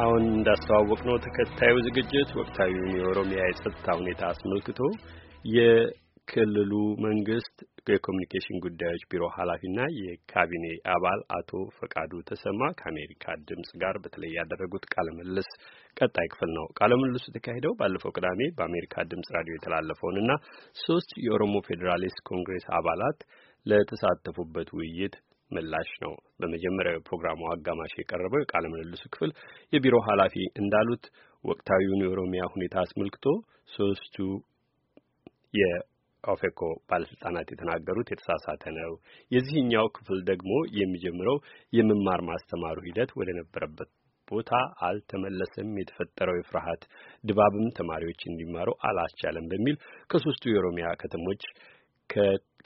አሁን እንዳስተዋወቅ ነው ተከታዩ ዝግጅት ወቅታዊውን የኦሮሚያ የጸጥታ ሁኔታ አስመልክቶ የክልሉ መንግስት የኮሚኒኬሽን ጉዳዮች ቢሮ ኃላፊና የካቢኔ አባል አቶ ፈቃዱ ተሰማ ከአሜሪካ ድምጽ ጋር በተለይ ያደረጉት ቃለ ምልልስ ቀጣይ ክፍል ነው። ቃለ ምልልሱ የተካሄደው ባለፈው ቅዳሜ በአሜሪካ ድምጽ ራዲዮ የተላለፈውንና ሶስት የኦሮሞ ፌዴራሊስት ኮንግሬስ አባላት ለተሳተፉበት ውይይት ምላሽ ነው። በመጀመሪያው የፕሮግራሙ አጋማሽ የቀረበው የቃለ ምልልሱ ክፍል የቢሮ ኃላፊ እንዳሉት ወቅታዊውን የኦሮሚያ ሁኔታ አስመልክቶ ሶስቱ ኦፌኮ ባለስልጣናት የተናገሩት የተሳሳተ ነው። የዚህኛው ክፍል ደግሞ የሚጀምረው የመማር ማስተማሩ ሂደት ወደ ነበረበት ቦታ አልተመለሰም፣ የተፈጠረው የፍርሃት ድባብም ተማሪዎች እንዲማሩ አላስቻለም በሚል ከሶስቱ የኦሮሚያ ከተሞች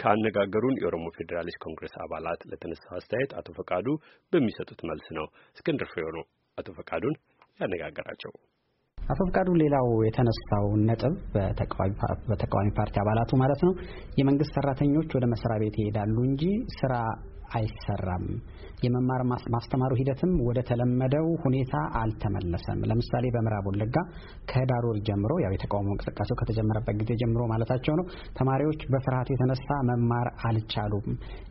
ካነጋገሩን የኦሮሞ ፌዴራሊስት ኮንግረስ አባላት ለተነሳው አስተያየት አቶ ፈቃዱ በሚሰጡት መልስ ነው። እስክንድር ፍሬው ነው አቶ ፈቃዱን ያነጋገራቸው። አቶ ፈቃዱ፣ ሌላው የተነሳው ነጥብ በተቃዋሚ ፓርቲ አባላቱ ማለት ነው የመንግስት ሰራተኞች ወደ መስሪያ ቤት ይሄዳሉ እንጂ ስራ አይሰራም። የመማር ማስተማሩ ሂደትም ወደ ተለመደው ሁኔታ አልተመለሰም። ለምሳሌ በምዕራብ ወለጋ ከህዳር ወር ጀምሮ ያው የተቃውሞ እንቅስቃሴው ከተጀመረበት ጊዜ ጀምሮ ማለታቸው ነው ተማሪዎች በፍርሃት የተነሳ መማር አልቻሉም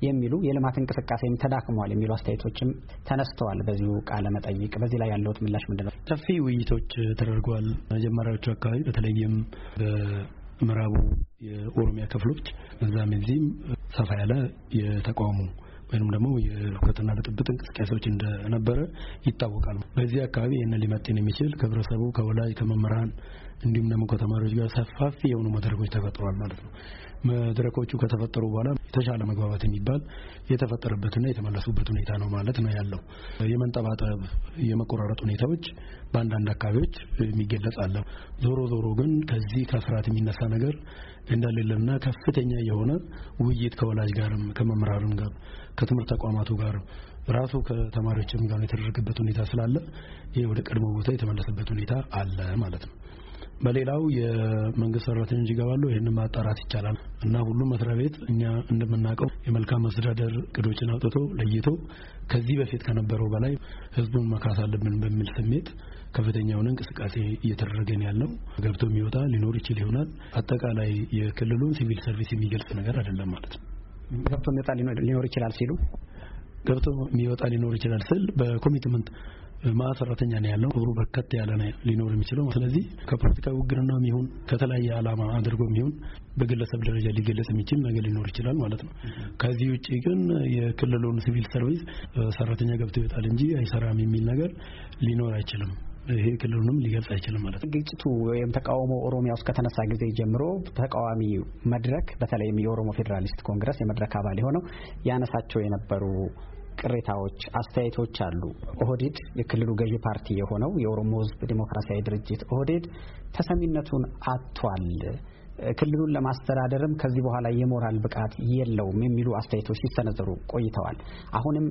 የሚሉ የልማት እንቅስቃሴም ተዳክሟል የሚሉ አስተያየቶችም ተነስተዋል። በዚሁ ቃለ መጠይቅ በዚህ ላይ ያለውት ምላሽ ምንድን ነው? ሰፊ ውይይቶች ተደርጓል። መጀመሪያዎቹ አካባቢ በተለይም በምዕራቡ የኦሮሚያ ክፍሎች እዛም እዚህም ሰፋ ያለ የተቃውሞ ወይም ደግሞ የሁከትና ብጥብጥ እንቅስቃሴዎች እንደነበረ ይታወቃል። በዚህ አካባቢ ይህንን ሊመጥን የሚችል ከህብረተሰቡ፣ ከወላጅ፣ ከመምህራን እንዲሁም ደግሞ ከተማሪዎች ጋር ሰፋፊ የሆኑ መድረኮች ተፈጥሯል ማለት ነው። መድረኮቹ ከተፈጠሩ በኋላ የተሻለ መግባባት የሚባል የተፈጠረበትና የተመለሱበት ሁኔታ ነው ማለት ነው ያለው። የመንጠባጠብ የመቆራረጥ ሁኔታዎች በአንዳንድ አካባቢዎች የሚገለጽ አለ። ዞሮ ዞሮ ግን ከዚህ ከስርዓት የሚነሳ ነገር እንደሌለና ከፍተኛ የሆነ ውይይት ከወላጅ ጋርም ከመምህራንም ጋር ከትምህርት ተቋማቱ ጋር ራሱ ከተማሪዎችም ጋር የተደረገበት ሁኔታ ስላለ ይሄ ወደ ቀድሞ ቦታ የተመለሰበት ሁኔታ አለ ማለት ነው። በሌላው የመንግስት ሰራተኞች ይገባሉ። ይህንን ማጣራት ይቻላል እና ሁሉም መስሪያ ቤት እኛ እንደምናውቀው የመልካም መስተዳደር እቅዶችን አውጥቶ ለይቶ ከዚህ በፊት ከነበረው በላይ ህዝቡን መካስ አለብን በሚል ስሜት ከፍተኛውን እንቅስቃሴ እየተደረገን ያለው ገብቶ የሚወጣ ሊኖር ይችል ይሆናል። አጠቃላይ የክልሉን ሲቪል ሰርቪስ የሚገልጽ ነገር አይደለም ማለት ነው። ገብቶ የሚወጣ ሊኖር ይችላል ሲሉ ገብቶ የሚወጣ ሊኖር ይችላል ስል በኮሚትመንት ማለት ሰራተኛ ነው ያለው ክብሩ በርከት ያለ ነው ሊኖር የሚችለው። ስለዚህ ከፖለቲካዊ ውግንና የሚሆን ከተለያየ ዓላማ አድርጎ የሚሆን በግለሰብ ደረጃ ሊገለጽ የሚችል ነገር ሊኖር ይችላል ማለት ነው። ከዚህ ውጭ ግን የክልሉን ሲቪል ሰርቪስ ሰራተኛ ገብቶ ይወጣል እንጂ አይሰራም የሚል ነገር ሊኖር አይችልም። ይሄ ክልሉንም ሊገልጽ አይችልም ማለት ነው። ግጭቱ ወይም ተቃውሞ ኦሮሚያ ውስጥ ከተነሳ ጊዜ ጀምሮ ተቃዋሚ መድረክ በተለይም የኦሮሞ ፌዴራሊስት ኮንግረስ የመድረክ አባል የሆነው ያነሳቸው የነበሩ ቅሬታዎች፣ አስተያየቶች አሉ። ኦህዴድ የክልሉ ገዢ ፓርቲ የሆነው የኦሮሞ ህዝብ ዴሞክራሲያዊ ድርጅት ኦህዴድ ተሰሚነቱን አጥቷል። ክልሉን ለማስተዳደርም ከዚህ በኋላ የሞራል ብቃት የለውም የሚሉ አስተያየቶች ሲሰነዘሩ ቆይተዋል። አሁንም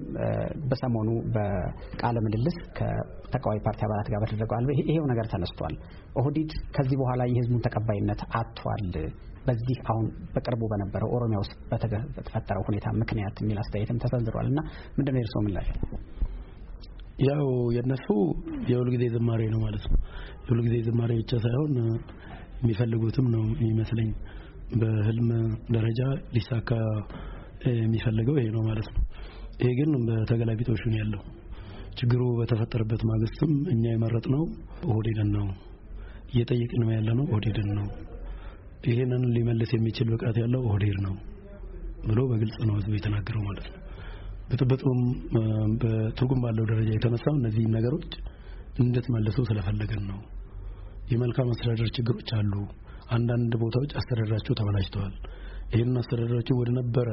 በሰሞኑ በቃለ ምልልስ ከተቃዋሚ ፓርቲ አባላት ጋር በተደረገዋል ይሄው ነገር ተነስቷል። ኦህዲድ ከዚህ በኋላ የህዝቡን ተቀባይነት አጥቷል በዚህ አሁን በቅርቡ በነበረው ኦሮሚያ ውስጥ በተፈጠረው ሁኔታ ምክንያት የሚል አስተያየትም ተሰንዝሯል እና ምንድነው የእርስዎ ምላሽ? ያው የእነሱ የሁልጊዜ ዝማሬ ነው ማለት ነው። የሁልጊዜ ዝማሬ ብቻ ሳይሆን የሚፈልጉትም ነው የሚመስለኝ። በህልም ደረጃ ሊሳካ የሚፈልገው ይሄ ነው ማለት ነው። ይሄ ግን በተገላቢጦሹ ነው ያለው። ችግሩ በተፈጠረበት ማግስትም እኛ የመረጥነው ኦህዴድን ነው እየጠየቅን ነው ኦህዴድን ነው። ይሄንን ሊመልስ የሚችል ብቃት ያለው ኦህዴድ ነው ብሎ በግልጽ ነው ህዝቡ የተናገረው ማለት ነው። ብጥብጡም በትርጉም ባለው ደረጃ የተነሳው እነዚህ ነገሮች እንድትመልሱ ስለፈለገን ነው። የመልካም አስተዳደር ችግሮች አሉ። አንዳንድ ቦታዎች አስተዳደራቸው ተበላሽተዋል። ይህንን አስተዳደራቸው ወደ ነበረ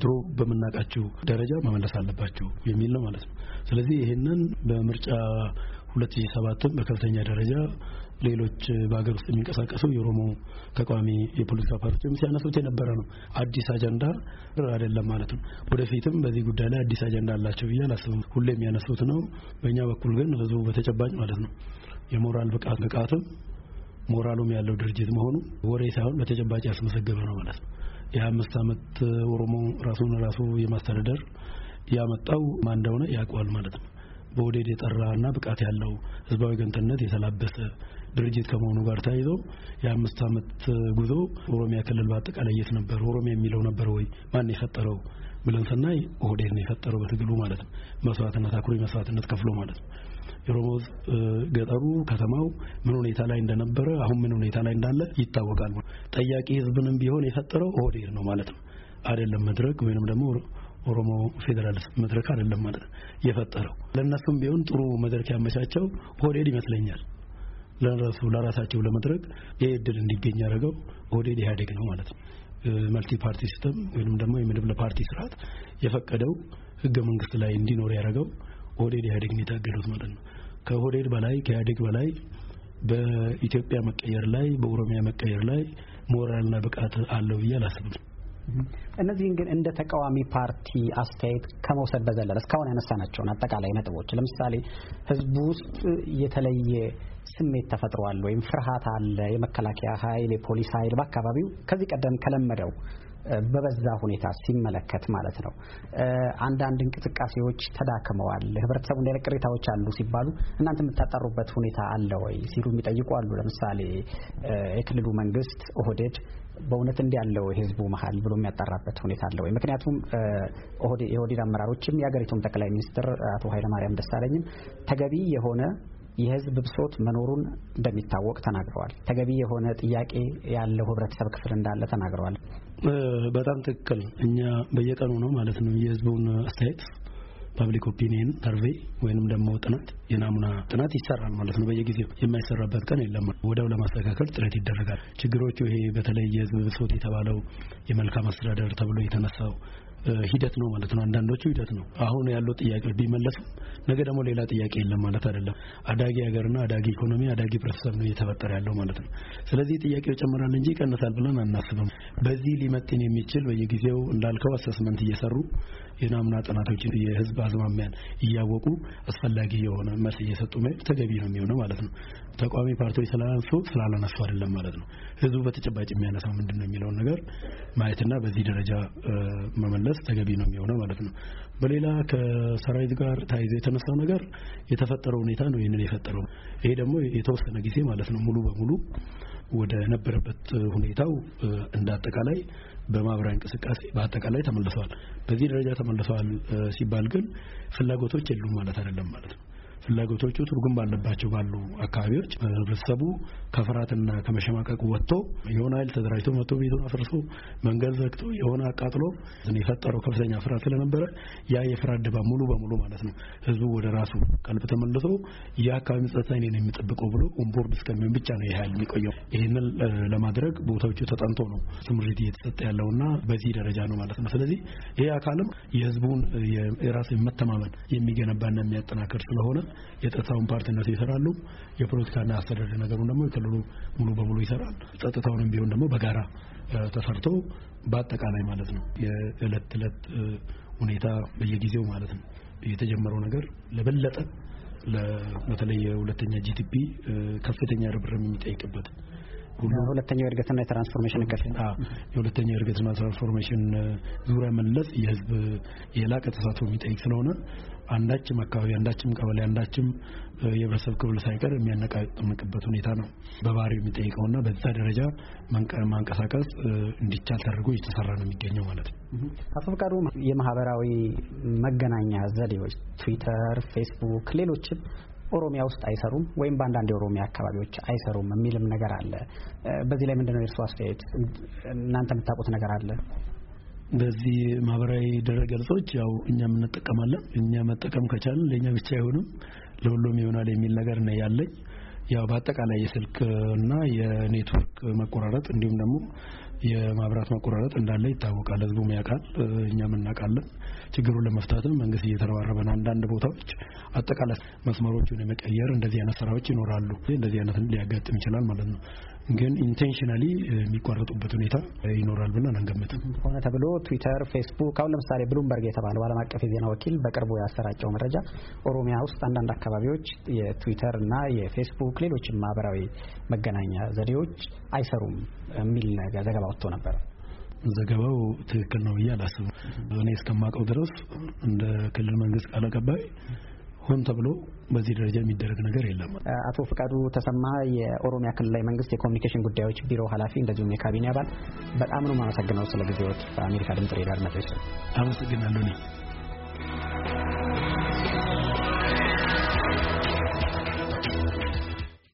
ድሮ በምናውቃቸው ደረጃ መመለስ አለባቸው የሚል ነው ማለት ነው። ስለዚህ ይህንን በምርጫ ሰባትም በከፍተኛ ደረጃ ሌሎች በሀገር ውስጥ የሚንቀሳቀሰው የኦሮሞ ተቃዋሚ የፖለቲካ ፓርቲዎችም ሲያነሱት የነበረ ነው። አዲስ አጀንዳ አይደለም ማለት ነው። ወደፊትም በዚህ ጉዳይ ላይ አዲስ አጀንዳ አላቸው ብዬ አላስብም። ሁሌ የሚያነሱት ነው። በእኛ በኩል ግን ህዝቡ በተጨባጭ ማለት ነው የሞራል ብቃት ብቃቱም ሞራሉም ያለው ድርጅት መሆኑ ወሬ ሳይሆን በተጨባጭ ያስመዘገበ ነው ማለት ነው። የአምስት ዓመት ኦሮሞ ራሱን ራሱ የማስተዳደር ያመጣው ማን እንደሆነ ያውቀዋል ማለት ነው። የጠራ የጠራና ብቃት ያለው ህዝባዊ ገንተነት የተላበሰ ድርጅት ከመሆኑ ጋር ተያይዞ የአምስት ዓመት ጉዞ ኦሮሚያ ክልል በአጠቃላይ የት ነበር? ኦሮሚያ የሚለው ነበር ወይ? ማን የፈጠረው ብለን ስናይ ኦህዴድ ነው የፈጠረው በትግሉ ማለት ነው። መስዋዕትነት አኩሪ መስዋዕትነት ከፍሎ ማለት ነው። የኦሮሞ ገጠሩ ከተማው ምን ሁኔታ ላይ እንደነበረ አሁን ምን ሁኔታ ላይ እንዳለ ይታወቃል። ጠያቂ ህዝብንም ቢሆን የፈጠረው ኦህዴድ ነው ማለት ነው አይደለም መድረክ ወይንም ደግሞ ኦሮሞ ፌዴራሊስት መድረክ አይደለም ማለት ነው የፈጠረው። ለእነሱም ቢሆን ጥሩ መድረክ ያመቻቸው ኦህዴድ ይመስለኛል። ለራሱ ለራሳቸው ለመድረክ ይህ እድል እንዲገኝ ያደረገው ኦህዴድ ኢህአዴግ ነው ማለት ነው። መልቲ ፓርቲ ሲስተም ወይንም ደግሞ የመድብለ ፓርቲ ስርዓት የፈቀደው ህገ መንግስት ላይ እንዲኖር ያደረገው ኦህዴድ ኢህአዴግን የታገሉት ማለት ነው። ከኦህዴድ በላይ ከኢህአዴግ በላይ በኢትዮጵያ መቀየር ላይ በኦሮሚያ መቀየር ላይ ሞራልና ብቃት አለው ብዬ አላስብም። እነዚህን ግን እንደ ተቃዋሚ ፓርቲ አስተያየት ከመውሰድ በዘለለ እስካሁን ያነሳናቸውን አጠቃላይ ነጥቦች ለምሳሌ ህዝቡ ውስጥ የተለየ ስሜት ተፈጥሯል ወይም ፍርሃት አለ፣ የመከላከያ ኃይል፣ የፖሊስ ኃይል በአካባቢው ከዚህ ቀደም ከለመደው በበዛ ሁኔታ ሲመለከት ማለት ነው። አንዳንድ እንቅስቃሴዎች ተዳክመዋል፣ ህብረተሰቡ እንዳይነት ቅሬታዎች አሉ ሲባሉ እናንተ የምታጣሩበት ሁኔታ አለ ወይ ሲሉ የሚጠይቁ አሉ። ለምሳሌ የክልሉ መንግስት ኦህዴድ በእውነት እንዲ ያለው የህዝቡ መሀል ብሎ የሚያጠራበት ሁኔታ አለ ወይ? ምክንያቱም የኦህዴድ አመራሮችም የሀገሪቱም ጠቅላይ ሚኒስትር አቶ ኃይለማርያም ደሳለኝም ተገቢ የሆነ የህዝብ ብሶት መኖሩን እንደሚታወቅ ተናግረዋል። ተገቢ የሆነ ጥያቄ ያለው ህብረተሰብ ክፍል እንዳለ ተናግረዋል። በጣም ትክክል። እኛ በየቀኑ ነው ማለት ነው የህዝቡን አስተያየት ፐብሊክ ኦፒኒየን ሰርቬ ወይንም ደግሞ ጥናት የናሙና ጥናት ይሰራል ማለት ነው። በየጊዜው የማይሰራበት ቀን የለም። ወደው ለማስተካከል ጥረት ይደረጋል። ችግሮቹ ይሄ በተለይ የህዝብ ብሶት የተባለው የመልካም አስተዳደር ተብሎ የተነሳው ሂደት ነው ማለት ነው። አንዳንዶቹ ሂደት ነው። አሁን ያለው ጥያቄዎች ቢመለሱም ነገ ደግሞ ሌላ ጥያቄ የለም ማለት አይደለም። አዳጊ ሀገርና አዳጊ ኢኮኖሚ፣ አዳጊ ህብረተሰብ ነው እየተፈጠረ ያለው ማለት ነው። ስለዚህ ጥያቄው ይጨምራል እንጂ ይቀንሳል ብለን አናስብም። በዚህ ሊመጥን የሚችል በየጊዜው እንዳልከው አሰስመንት እየሰሩ የናሙና ጥናቶች የህዝብ አዝማሚያን እያወቁ አስፈላጊ የሆነ መልስ እየሰጡ መሄድ ተገቢ ነው የሚሆነው ማለት ነው። ተቋሚ ፓርቲዎች ስላላነሱ ስላላነሱ አይደለም ማለት ነው። ህዝቡ በተጨባጭ የሚያነሳው ምንድን ነው የሚለውን ነገር ማየትና በዚህ ደረጃ መመለስ ተገቢ ነው የሚሆነው ማለት ነው። በሌላ ከሰራዊት ጋር ተያይዞ የተነሳው ነገር የተፈጠረው ሁኔታ ነው ይህንን የፈጠረው። ይሄ ደግሞ የተወሰነ ጊዜ ማለት ነው ሙሉ በሙሉ ወደ ነበረበት ሁኔታው እንደ አጠቃላይ በማህበራዊ እንቅስቃሴ በአጠቃላይ ተመልሰዋል። በዚህ ደረጃ ተመልሰዋል ሲባል ግን ፍላጎቶች የሉም ማለት አይደለም ማለት ነው። ፍላጎቶቹ ትርጉም ባለባቸው ባሉ አካባቢዎች ህብረተሰቡ ከፍርሃትና ከመሸማቀቅ ወጥቶ የሆነ ኃይል ተደራጅቶ መቶ ቤቱን አፍርሶ መንገድ ዘግቶ የሆነ አቃጥሎ የፈጠረው ከፍተኛ ፍርሃት ስለነበረ ያ የፍርሃት ድባብ ሙሉ በሙሉ ማለት ነው ህዝቡ ወደ ራሱ ቀልብ ተመልሶ የአካባቢ ጸጥታ እኔ ነው የሚጠብቀው ብሎ ኦንቦርድ እስከሚሆን ብቻ ነው ይህ የሚቆየው። ይህንን ለማድረግ ቦታዎቹ ተጠንቶ ነው ስምሪት እየተሰጠ ያለውና በዚህ ደረጃ ነው ማለት ነው። ስለዚህ ይህ አካልም የህዝቡን የራስ መተማመን የሚገነባና የሚያጠናክር ስለሆነ የጸጥታውን ፓርት ይሰራሉ። የፖለቲካና አስተዳደር ነገሩን ደግሞ የክልሉ ሙሉ በሙሉ ይሰራል። ጸጥታውንም ቢሆን ደግሞ በጋራ ተሰርቶ በአጠቃላይ ማለት ነው የዕለት ተዕለት ሁኔታ በየጊዜው ማለት ነው የተጀመረው ነገር ለበለጠ በተለይ የሁለተኛ ጂቲፒ ከፍተኛ ርብርም የሚጠይቅበት ሁለተኛው የእድገትና የትራንስፎርሜሽን እቅድ የሁለተኛው የእድገትና ትራንስፎርሜሽን ዙሪያ መለስ የህዝብ የላቀ ተሳትፎ የሚጠይቅ ስለሆነ አንዳችም አካባቢ፣ አንዳችም ቀበሌ፣ አንዳችም የህብረተሰብ ክፍል ሳይቀር የሚያነቃቅምበት ሁኔታ ነው በባህሪው የሚጠይቀውና በዛ ደረጃ ማንቀሳቀስ እንዲቻል ተደርጎ እየተሰራ ነው የሚገኘው ማለት ነው። አቶ ፍቃዱ የማህበራዊ መገናኛ ዘዴዎች ትዊተር፣ ፌስቡክ፣ ሌሎችም ኦሮሚያ ውስጥ አይሰሩም ወይም በአንዳንድ የኦሮሚያ አካባቢዎች አይሰሩም የሚልም ነገር አለ። በዚህ ላይ ምንድነው የእርሱ አስተያየት? እናንተ የምታውቁት ነገር አለ? በዚህ ማህበራዊ ድረገጾች ያው እኛም እንጠቀማለን። እኛ መጠቀም ከቻልን ለእኛ ብቻ አይሆንም ለሁሉም ይሆናል የሚል ነገር ነው ያለኝ። ያው በአጠቃላይ የስልክ እና የኔትወርክ መቆራረጥ እንዲሁም ደግሞ የማብራት መቆራረጥ እንዳለ ይታወቃል። ህዝቡም ያውቃል፣ እኛም እናውቃለን። ችግሩን ለመፍታትም መንግስት እየተረባረበ ነው። አንዳንድ ቦታዎች አጠቃላይ መስመሮቹን የመቀየር እንደዚህ አይነት ስራዎች ይኖራሉ። እንደዚህ አይነት ሊያጋጥም ይችላል ማለት ነው። ግን ኢንቴንሽናሊ eh, የሚቋረጡበት ሁኔታ eh, ይኖራል ብለን አንገምትም። ሆነ ተብሎ ትዊተር፣ ፌስቡክ አሁን ለምሳሌ ብሉምበርግ የተባለው ዓለም አቀፍ የዜና ወኪል በቅርቡ ያሰራጨው መረጃ ኦሮሚያ ውስጥ አንዳንድ አካባቢዎች የትዊተር እና የፌስቡክ ሌሎችም ማህበራዊ መገናኛ ዘዴዎች አይሰሩም የሚል ዘገባ ወጥቶ ነበር። ዘገባው ትክክል ነው ብዬ አላስብም። እኔ እስከማውቀው ድረስ እንደ ክልል መንግስት ቃል አቀባይ ሆን ተብሎ በዚህ ደረጃ የሚደረግ ነገር የለም። አቶ ፍቃዱ ተሰማ የኦሮሚያ ክልላዊ መንግስት የኮሚኒኬሽን ጉዳዮች ቢሮ ኃላፊ እንደዚሁም የካቢኔ አባል በጣም ነው የማመሰግነው ስለ ጊዜዎት። በአሜሪካ ድምጽ ሬዳር አድማጮች አመሰግናለሁ።